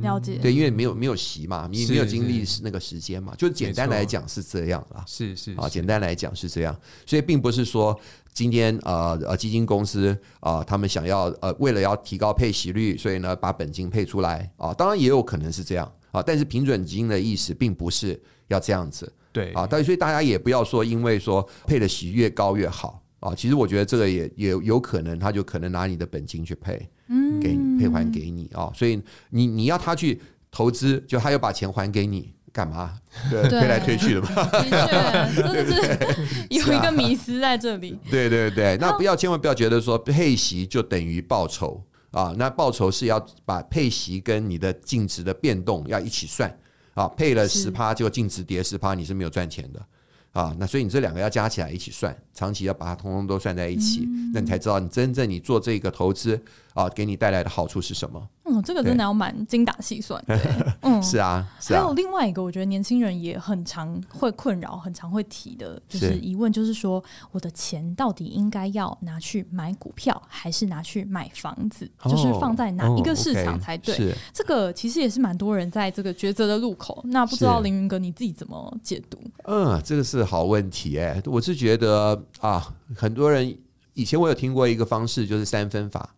了解，對，因為沒有沒有息嘛，你沒有經歷是那個時間嘛，是是就簡單來講是這樣啊。是是沒錯啊，簡單來講是這樣，所以並不是說今天呃呃基金公司啊，呃，他們想要呃為了要提高配息率，所以呢把本金配出來啊，當然也有可能是這樣啊，但是平準基金的意思並不是要這樣子，對啊，所以大家也不要說因為說配的息越高越好。啊，其實我覺得這個也也有可能，他就可能拿你的本金去配，嗯，給配還給你啊，所以你你要他去投資，就他又把錢還給你，幹嘛？推來推去的嘛。對， 對對對，有一個迷思在這裡，啊。對對對，他那不要千萬不要覺得說配息就等於報酬啊，那報酬是要把配息跟你的淨值的變動要一起算啊，配了十趴就淨值跌十趴，你是沒有賺錢的。啊，那所以你這兩個要加起來一起算，長期要把它通通都算在一起，那你才知道你真正你做這個投資。給你帶來的好處是什麼？嗯，這個真的要蠻精打細算。對 嗯，是、啊，是啊。還有另外一個，我覺得年輕人也很常會困擾，很常會提的，就是疑問，就是說我的錢到底應該要拿去買股票，還是拿去買房子？哦、就是放在哪一個市場才對？哦、okay, 這個其實也是蠻多人在這個抉擇的路口。那不知道凌雲哥你自己怎麼解讀？嗯，這個是好問題誒、欸。我是覺得啊，很多人以前我有聽過一個方式，就是三分法。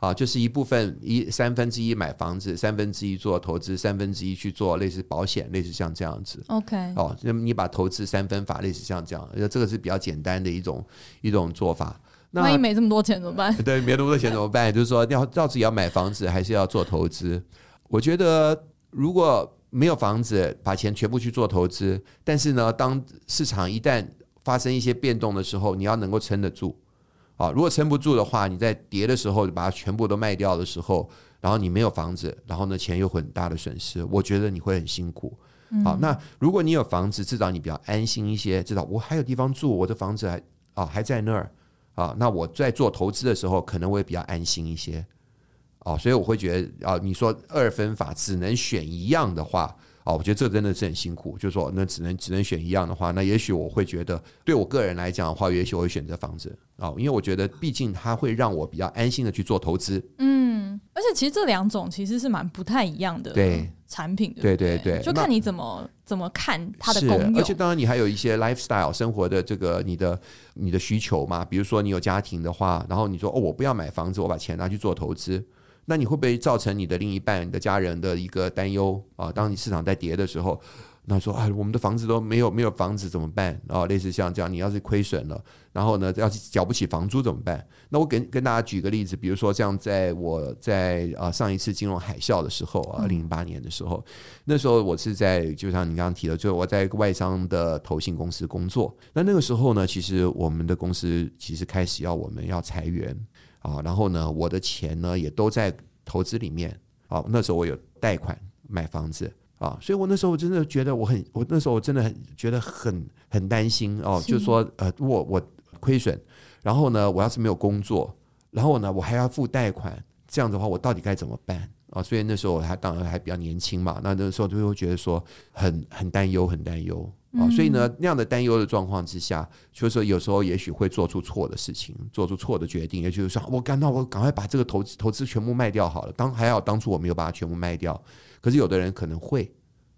啊，就是一部分一三分之一買房子，三分之一做投資，三分之一去做類似保險，類似像這樣子。OK，哦，那麼你把投資三分法類似像這樣，這個是比較簡單的一種一種做法。那萬一沒這麼多錢怎麼辦？對，沒那麼多錢怎麼辦？ 就是說要到底要買房子還是要做投資？我覺得如果沒有房子，把錢全部去做投資，但是呢，當市場一旦發生一些變動的時候，你要能夠撐得住。啊，如果撐不住的話，你在跌的時候把它全部都賣掉的時候，然後你沒有房子，然後呢，錢有很大的損失，我覺得你會很辛苦。嗯、好，那如果你有房子，至少你比較安心一些，至少我還有地方住，我的房子還啊還在那兒啊，那我在做投資的時候可能會比較安心一些。哦、啊，所以我會覺得啊，你說二分法只能選一樣的話。我覺得這真的是很辛苦。就是說那只能只能選一樣的話，那也許我會覺得，對我個人來講的話，也許我會選擇房子啊，因為我覺得畢竟它會讓我比較安心的去做投資。嗯，而且其實這兩種其實是蠻不太一樣的產品對。的對對，對對對，就看你怎麼那怎麼看它的功能，而且當然你還有一些 lifestyle 生活的這個你的你的需求嘛，比如說你有家庭的話，然後你說哦，我不要買房子，我把錢拿去做投資。那你會不會造成你的另一半、你的家人的一個擔憂啊？當你市場在跌的時候，那說啊、哎，我們的房子都沒有，沒有房子怎麼辦？啊，類似像這樣，你要是虧損了，然後呢，要是繳不起房租怎麼辦？那我給跟大家舉個例子，比如說像在我在啊上一次金融海嘯的時候，二零零八年的時候，那時候我是在就像你剛剛提的，就我在外商的投信公司工作。那那個時候呢，其實我們的公司其實開始要我們要裁員。啊、哦，然後呢，我的錢呢也都在投資裡面。啊、哦，那時候我有貸款買房子啊、哦，所以我那時候我真的覺得我很，我那時候我真的很覺得很很擔心哦，是就是說，呃，我我虧損，然後呢，我要是沒有工作，然後呢，我還要付貸款，這樣的話，我到底該怎麼辦？啊、哦，所以那時候我還當然還比較年輕嘛，那那個時候就會覺得說很很擔憂，很擔憂啊。哦嗯、所以呢，那樣的擔憂的狀況之下，就說、是、有時候也許會做出錯的事情，做出錯的決定，也就是說，我趕那我趕快把這個投資投資全部賣掉好了。當還好當初我沒有把它全部賣掉，可是有的人可能會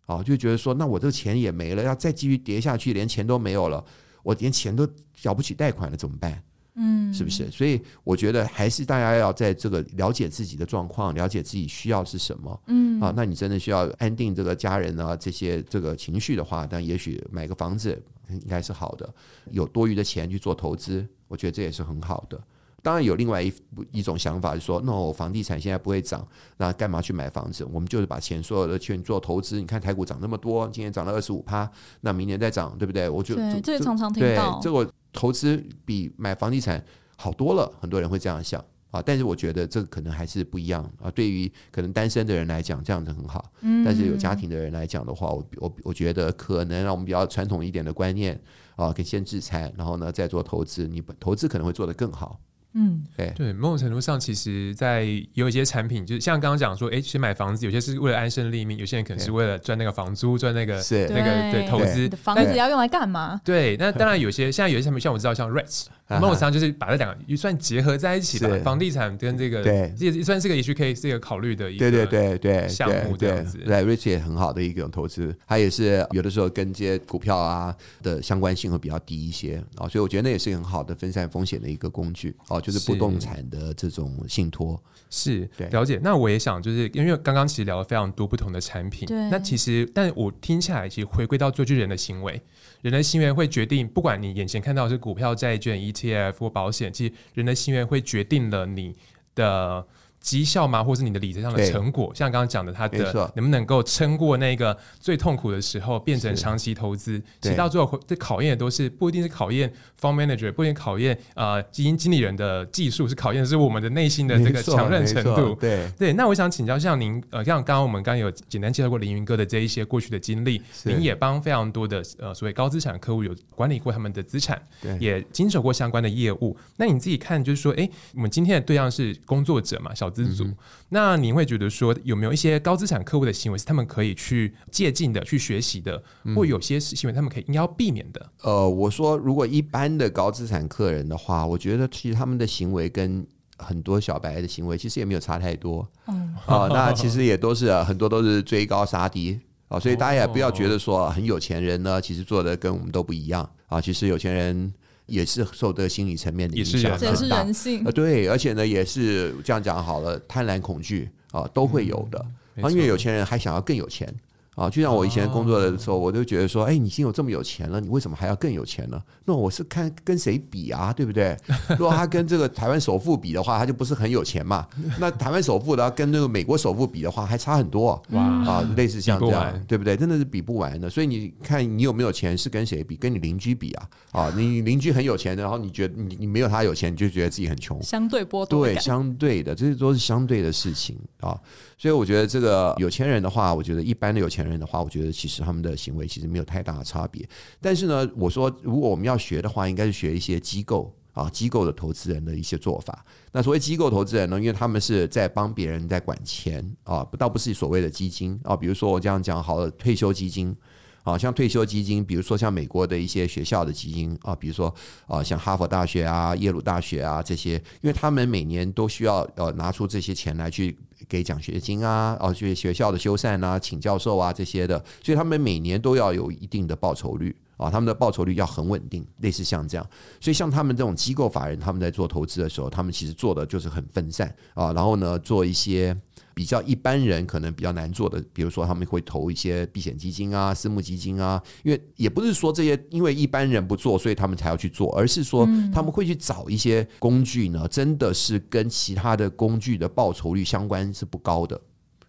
啊、哦，就覺得說，那我這個錢也沒了，要再繼續跌下去，連錢都沒有了，我連錢都繳不起貸款了，怎麼辦？嗯，是不是？所以我覺得還是大家要在這個了解自己的狀況，了解自己需要是什麼。嗯，啊，那你真的需要安定這個家人啊，這些這個情緒的話，但也許買個房子應該是好的。有多餘的錢去做投資，我覺得這也是很好的。當然有另外一一種想法就是說，就說那我房地產現在不會漲，那幹嘛去買房子？我們就是把錢所有的錢做投資。你看台股漲那麼多，今年漲了二十五趴，那明年再漲，對不對？我覺得對就這也常常聽到這個。投資比買房地產好多了，很多人會這樣想啊。但是我覺得這可能還是不一樣啊。對於可能單身的人來講，這樣子很好。但是有家庭的人來講的話，我我我覺得可能讓我們比較傳統一點的觀念啊，可以先置產，然後呢，再做投資。你投資可能會做得更好。嗯，對對，某種程度上，其實，在有一些產品，就是像剛剛講說，哎，其實買房子有些是為了安身立命，有些人可能是為了賺那個房租，賺那個那個對投資。房子要用來幹嘛？對，那當然有些現在有些產品，像我知道像 REITs，某種程度上就是把它兩個預算結合在一起嘛，房地產跟這個對，也算是個 HK 是一個考慮的一對對對對項目這樣子。對 REITs 也很好的一種投資，它也是有的時候跟這些股票啊的相關性會比較低一些啊，所以我覺得那也是很好的分散風險的一個工具就是不動產的這種信托是對了解。那我也想就是，因為剛剛其實聊了非常多不同的產品，對那其實，但我聽起來，其實回歸到做巨人的行為，人的行為會決定，不管你眼前看到的是股票、債券、ETF 或保險，其實人的行為會決定了你的。績效嘛，或是你的理財上的成果，對像剛剛講的，他的錯能不能夠撐過那個最痛苦的時候，變成長期投資，是其實到最後對這考驗的都是不一定是考驗 fund manager，不一定考驗呃基金經理人的技術，是考驗的是我們的內心的這個強韌程度。對對，那我想請教像您呃，像剛剛我們剛，剛有簡單介紹過凌雲哥的這一些過去的經歷，是您也幫非常多的呃所謂高資產客戶有管理過他們的資產，對也經手過相關的業務。那你自己看就是說，哎，我們今天的對象是工作者嘛，小。自足，那你會覺得說有沒有一些高資產客戶的行為是他們可以去借鑒的、去學習的，或有些行為他們可以應該要避免的、嗯？呃，我說如果一般的高資產客人的話，我覺得其實他們的行為跟很多小白的行為其實也沒有差太多，啊、嗯呃，那其實也都是很多都是追高殺低啊，所以大家也不要覺得說很有錢人呢，其實做的跟我們都不一樣啊、呃，其實有錢人。也是受這個心理層面的影響，而且是人性、啊。對，而且呢，也是這樣講好了，貪婪恐、恐懼啊，都會有的、嗯啊。因為有錢人還想要更有錢。啊，就像我以前工作的時候，oh. 我就覺得說，哎、欸，你已經有這麼有錢了，你為什麼還要更有錢呢？那我是看跟誰比啊，對不對？如果他跟這個台灣首富比的話，他就不是很有錢嘛。那台灣首富的話跟這個美國首富比的話，還差很多、啊。哇 Wow. 啊，類似像這樣，對不對？真的是比不完的。所以你看，你有沒有錢是跟誰比？跟你鄰居比啊？啊，你鄰居很有錢，然後你覺得你你沒有他有錢，你就覺得自己很窮。相對波動。對，相對的，這些都是相對的事情啊。所以我覺得這個有錢人的話，我覺得一般的有錢。人的話，我覺得其實他們的行為其實沒有太大的差別。但是呢，我說如果我們要學的話，應該是學一些機構啊，機構的投資人的一些做法。那所謂機構投資人呢，因為他們是在幫別人在管錢啊，倒不是所謂的基金啊。比如說我這樣講好了，退休基金。啊，像退休基金，比如說像美國的一些學校的基金啊，比如說啊，像哈佛大學啊、耶魯大學啊這些，因為他們每年都需要呃拿出這些錢來去給獎學金啊，啊，去學校的修繕啊，請教授啊這些的，所以他們每年都要有一定的報酬率啊，他們的報酬率要很穩定，類似像這樣，所以像他們這種機構法人，他們在做投資的時候，他們其實做的就是很分散啊，然後呢，做一些。比較一般人可能比較難做的，比如說他們會投一些避險基金啊、私募基金啊。因為也不是說這些因為一般人不做，所以他們才要去做，而是說他們會去找一些工具呢，真的是跟其他的工具的報酬率相關是不高的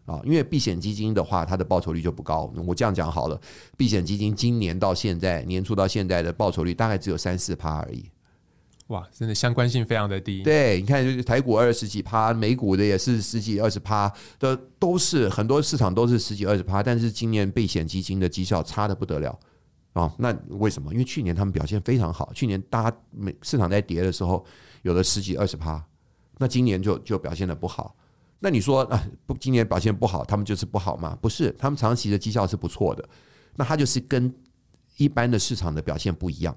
啊。因為避險基金的話，它的報酬率就不高。我這樣講好了，避險基金今年到現在年初到現在的報酬率大概只有三四趴而已。哇，真的相關性非常的低。對，你看，就是台股二十幾趴，美股的也是十幾二十趴的，都是很多市場都是十幾二十趴。但是今年避險基金的績效差得不得了啊、哦！那為什麼？因為去年他們表現非常好，去年大市場在跌的時候，有了十幾二十趴，那今年就就表現的不好。那你說啊，不今年表現不好，他們就是不好嗎？不是，他們長期的績效是不錯的。那他就是跟一般的市場的表現不一樣。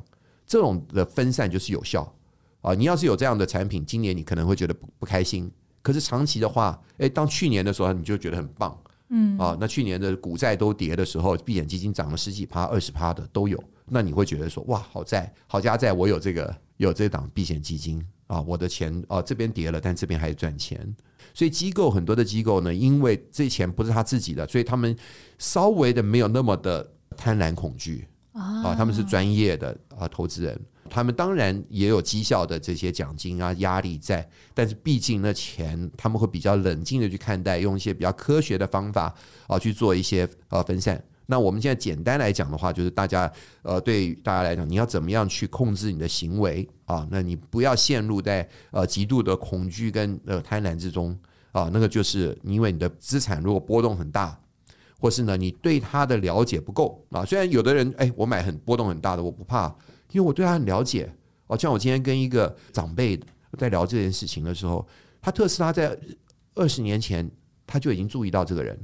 這種的分散就是有效啊！你要是有這樣的產品，今年你可能會覺得不不開心，可是長期的話，誒、欸，當去年的時候你就覺得很棒，嗯啊，那去年的股債都跌的時候，避險基金漲了十幾趴、二十趴的都有，那你會覺得說，哇，好在好加在，我有這個有這檔避險基金啊，我的錢啊這邊跌了，但這邊還賺錢，所以機構很多的機構呢，因為這錢不是他自己的，所以他們稍微的沒有那麼的貪婪恐懼。啊，他們是專業的啊投資人，他們當然也有績效的這些獎金啊壓力在，但是畢竟那錢他們會比較冷靜的去看待，用一些比較科學的方法啊去做一些呃、啊、分散。那我們現在簡單來講的話，就是大家呃對大家來講，你要怎麼樣去控制你的行為啊？那你不要陷入在呃極度的恐懼跟呃貪婪之中啊，那個就是因為你的資產如果波動很大。或是呢，你對他的了解不夠啊，雖然有的人哎，我買很波動很大的，我不怕，因為我對他很了解。哦，像我今天跟一個長輩在聊這件事情的時候，他特斯拉在二十年前他就已經注意到這個人，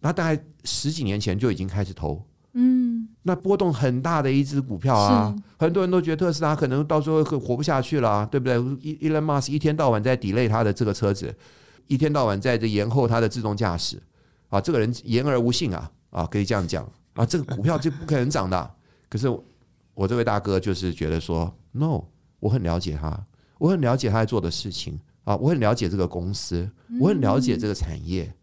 那大概十幾年前就已經開始投，嗯，那波動很大的一隻股票啊，是很多人都覺得特斯拉可能到時候會活不下去了啊，對不對？伊、伊隆馬斯克一天到晚在 delay 他的這個車子，一天到晚在這延後他的自動駕駛。啊，這個人言而無信啊！啊，可以這樣講啊，這個股票就不可能漲的。可是我這位大哥就是覺得說，No，我很了解他，我很了解他在做的事情啊，我很了解這個公司，我很了解這個產業，嗯。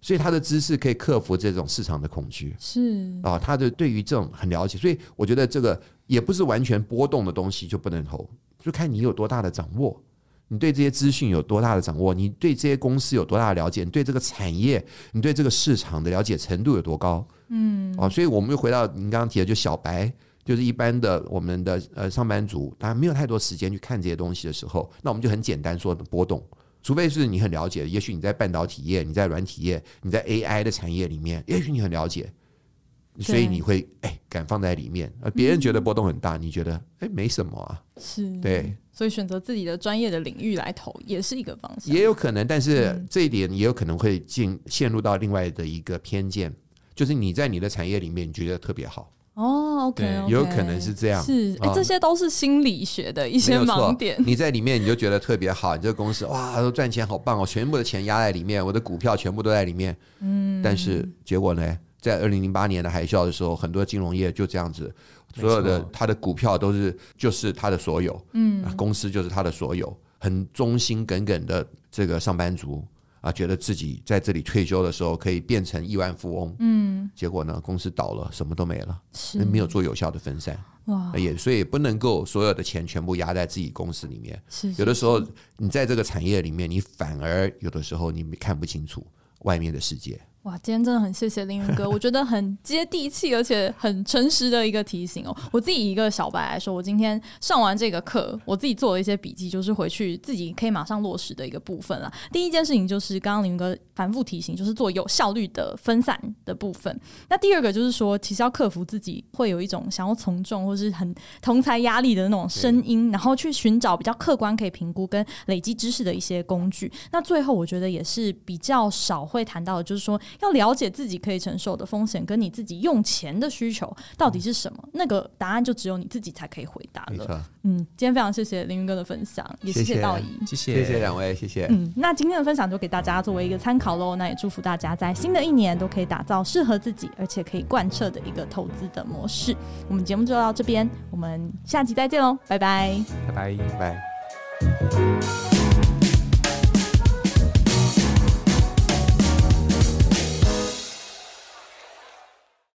所以他的知識可以克服這種市場的恐懼。是啊，他的對於這種很了解，所以我覺得這個也不是完全波動的東西就不能投，就看你有多大的掌握。你對這些資訊有多大的掌握？你對這些公司有多大的了解？你對這個產業，你對這個市場的了解程度有多高？嗯，哦，所以我們就回到您剛剛提的，就小白，就是一般的我們的呃上班族，他沒有太多時間去看這些東西的時候，那我們就很簡單說的波動，除非是你很了解，也許你在半導體業，你在軟體業，你在 AI 的產業裡面，也許你很了解。所以你會哎敢放在裡面，而別人覺得波動很大，你覺得哎沒什麼啊？是對，所以選擇自己的專業的領域來投也是一個方向，也有可能，但是這一點也有可能會進陷入到另外的一個偏見，就是你在你的產業裡面你覺得特別好哦，對，有可能是這樣，是，這些都是心理學的一些盲點。你在裡面你就覺得特別好，你這個公司哇，賺錢好棒哦，全部的錢壓在裡面，我的股票全部都在裡面，嗯，但是結果呢？在二零零八年的海嘯的時候，很多金融業就這樣子，所有的他的股票都是就是他的所有，嗯、啊，公司就是他的所有，很忠心耿耿的這個上班族啊，覺得自己在這裡退休的時候可以變成億萬富翁，嗯，結果呢，公司倒了，什麼都沒了，是沒有做有效的分散，也哇所以不能夠所有的錢全部壓在自己公司裡面，是是是，有的時候你在這個產業裡面，你反而有的時候你看不清楚外面的世界。哇，今天真的很謝謝凌云哥， 我覺得很接地氣，而且很誠實的一個提醒哦。我自己以一個小白來說，我今天上完這個課，我自己做了一些筆記，就是回去自己可以馬上落實的一個部分了。第一件事情就是剛剛凌云哥反覆提醒，就是做有效率的分散的部分。那第二個就是說，其實要克服自己會有一種想要從眾或是很同儕壓力的那種聲音，對然後去尋找比較客觀可以評估跟累積知識的一些工具。那最後我覺得也是比較少會談到的，就是說。要了解自己可以承受的風險，跟你自己用錢的需求到底是什麼？那個答案就只有你自己才可以回答了。沒錯，嗯，今天非常謝謝凌雲哥的分享，也謝謝道宜，謝謝謝謝兩位，謝謝。嗯，那今天的分享就給大家作為一個參考嘍。那也祝福大家在新的一年都可以打造適合自己而且可以貫徹的一個投資的模式。我們節目就到這邊，我們下期再見嘍，拜拜，拜拜，拜拜，拜。